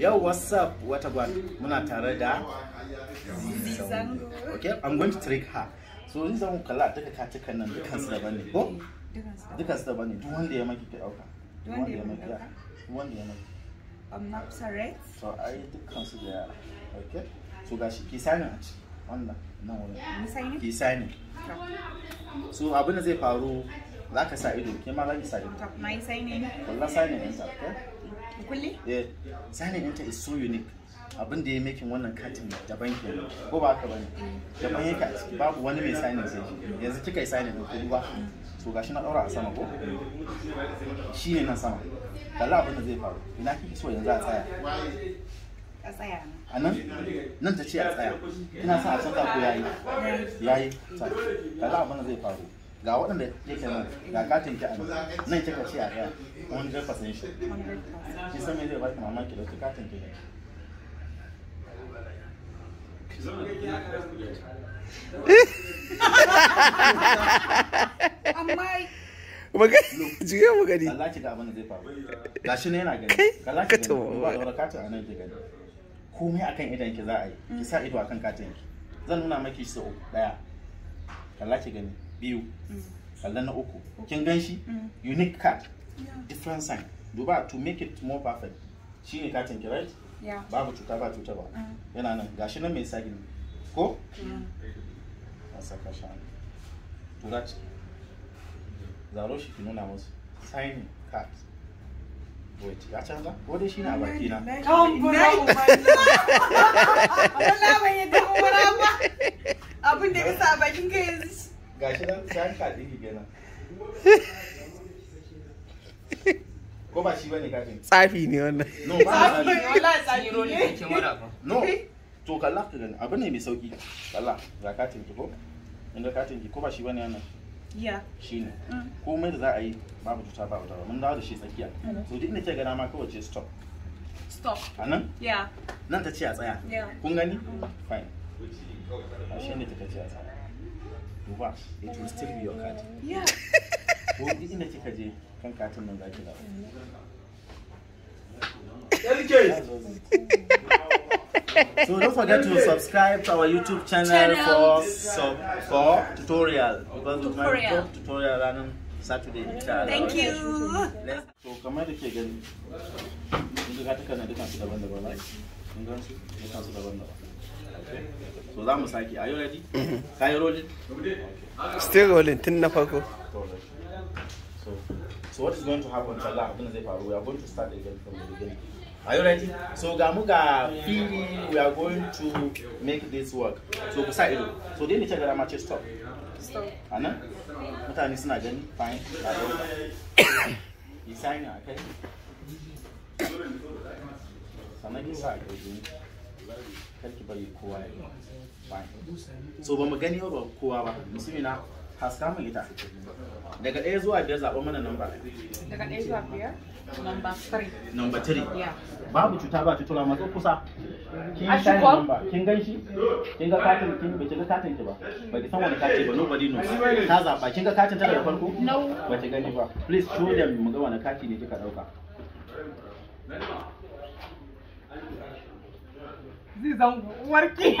Yau what's up? What about muna tare da Okay, I'm going to trick her. So ni zan kula ta duka katukan nan dukkan su daban ne ko? Dukkan su daban ne. Duk wanda ya maki ki dauka. Duk wanda ya maki. Duk wanda ya maki. I'm not sorry. So ai dukkan su da okay. So gashi ki sani a ciki. Wannan nan wurin. Ki sani. So abin da zai faru za ka sa ido ke ma za ki sa ido na yi sai ne wallah sai ne ɗinta kulli eh sai ɗinta is so unique abin da ya mekin wannan katin daban ke ko ba ka bane daban yake a babu wani mai sanin sai yanzu kika yi sanin da kudu ba to gashi na ɗaura a sama ko shi ne nan sama kalla abin da zai faru ina kike so yanzu a tsaya a tsaya a nan nan ta ce a tsaya ina sa a canza ko yayi yayi kalla abin da zai faru ga waɗanda ke nan ga katin ki a nan nan kika ci a ɗaya wani jefa sun shi shi san me zai ba ki mamaki da katin ki ne magani jige magani Allah ki abin da zai faru gashi ne yana gani kallon ki gani ba da katin a ki gani komai akan idan ki za a yi ki sa ido akan katin ki zan nuna maki sau daya kallon ki gani biyu kalla mm. na uku kin gan shi mm. unique card different sign duba to make it more perfect shi ne katin ki right babu cuta ba cuta ba mm. yana nan gashi nan mai sagin ko a saka shi tura ci zaro shi ki nuna musu signing card Wait, ya canza? Ko dai shi na baki na? Kawon bura ba. Wala ban yadda bura ba. Abin da ya sa bakin ka yanzu gashi nan sai kaɗi gibe nan ko ba shi bane kafin tsafi ne wannan no ba tsafi wallahi tsafi ne ke mara ba no to kalla ka gani abu ne mai sauki kalla ga katin ki ko inda katin ki ko ba shi bane wannan ya Shi shine mm. komai da za a yi babu tuta babu tawa mun dawo da shi tsakiya mm. to duk inda ke gana ma kawai ce stop stop a nan ya nan ta ce a tsaya kun gani mm. fine a shi ne ta ce a tsaya it will still be your card yeah so don't forget to subscribe to our YouTube channel, channel. for sub, for tutorial because tutorial. we tutorial on Saturday Thank you. So kamar da ke Okay. So za like, sake. Are you ready? Are you rolling? Still rolling tun na farko. So, so what is going to happen to Allah We are going to start again from the beginning. Are you ready? So Gamuga, we are going to make this work. So beside sa So then ne ce gara ma ce stop. Stop. Anan? Mutane suna gani fine. You dauka. Yi sign akai. Sannan ki sa ido. karki bari kowa ya so ba mu gani ba kowa ba musulmi na haska mu ita daga ɗaya zuwa biyar zaɓa mana namba daga ɗaya zuwa biyar namba 3 namba 3 babu cuta ba cutura mazo kusa kin shi namba kin gan shi kin ga katin kin bace ga katin ki ba ba ki san wani katin ba nobody knows ta zaɓa kin ga katin ta daga farko ba ki gani ba please show them mu ga wani kati ne kika ɗauka working.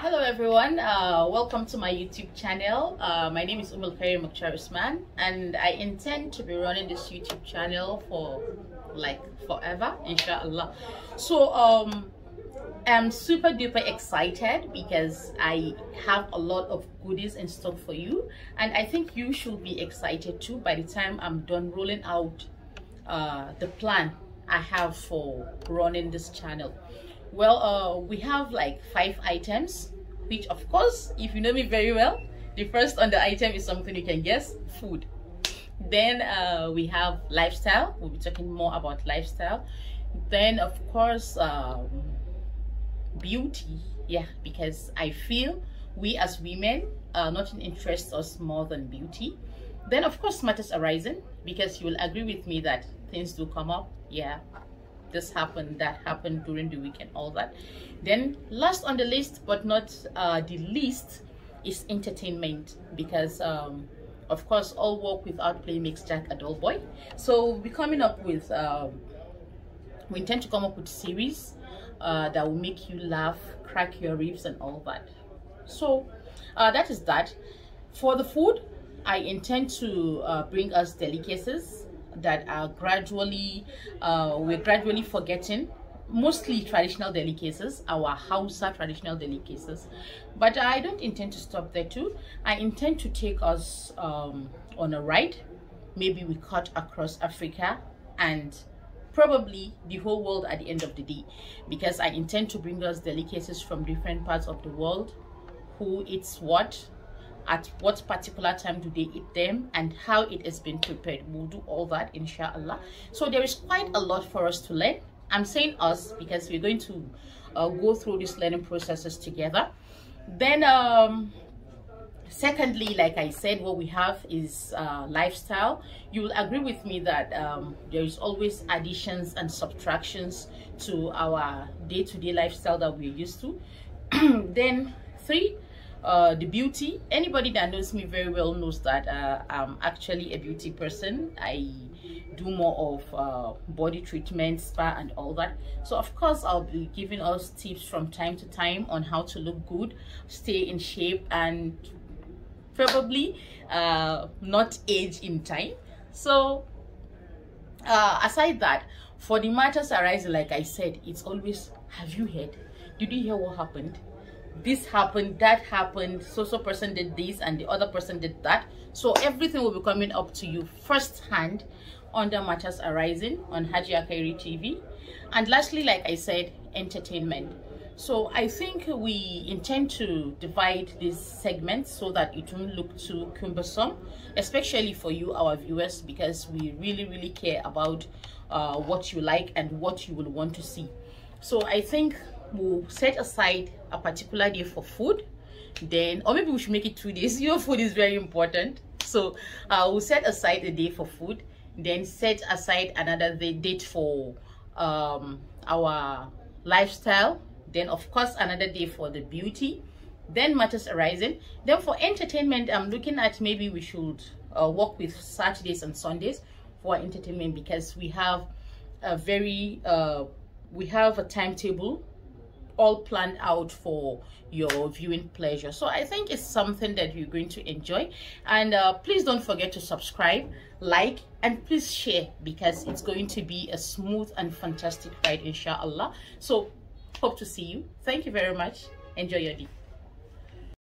Hello everyone, uh, welcome to my YouTube channel. Uh, my name is Umil Karim Mukhtarisman and I intend to be running this YouTube channel for like forever, inshallah. So um, I'm super duper excited because I have a lot of goodies in stock for you and I think you should be excited too by the time I'm done rolling out uh, the plan I have for running this channel. Well, uh, we have like five items, which of course, if you know me very well, the first on the item is something you can guess, food. Then uh, we have lifestyle. We'll be talking more about lifestyle. Then of course, um, beauty. Yeah, because I feel we as women uh, nothing interests us more than beauty then of course matters arising because you will agree with me that things do come up yeah this happened that happened during the weekend. all that then last on the list but not uh, the least is entertainment because um, of course all work without play makes jack a dull boy so we'll be coming up with um, we intend to come up with series uh, that will make you laugh crack your ribs and all that so uh, that is that for the food i intend to uh, bring us delicacies that are gradually uh, we're gradually forgetting mostly traditional delicacies, our Hausa traditional delicacies. But I don't intend to stop there too. I intend to take us um, on a ride. Maybe we cut across Africa and probably the whole world at the end of the day because I intend to bring us delicacies from different parts of the world, who eats what, at what particular time do they eat them and how it has been prepared we'll do all that inshallah so there is quite a lot for us to learn i'm saying us because we're going to uh, go through these learning processes together then um, secondly like i said what we have is uh, lifestyle you will agree with me that um, there is always additions and subtractions to our day-to-day -day lifestyle that we're used to then three uh, the beauty. Anybody that knows me very well knows that uh, I'm actually a beauty person. I do more of uh, body treatment, spa and all that. So of course, I'll be giving us tips from time to time on how to look good, stay in shape and probably uh, not age in time. So uh, aside that, for the matters arising, like I said, it's always, have you heard? Did you hear what happened? this happened, that happened, so so person did this and the other person did that. So everything will be coming up to you firsthand under Matters Arising on Haji Akairi TV. And lastly, like I said, entertainment. So I think we intend to divide these segments so that it won't look too cumbersome, especially for you, our viewers, because we really, really care about uh, what you like and what you will want to see. So I think we'll set aside a particular day for food then or maybe we should make it two days your food is very important so uh, we'll set aside a day for food then set aside another day, date for um, our lifestyle then of course another day for the beauty then matters arising then for entertainment i'm looking at maybe we should uh, work with saturdays and sundays for entertainment because we have a very uh, we have a timetable all planned out for your viewing pleasure so i think it's something that you're going to enjoy and uh, please don't forget to subscribe like and please share because it's going to be a smooth and fantastic ride inshallah so hope to see you thank you very much enjoy your day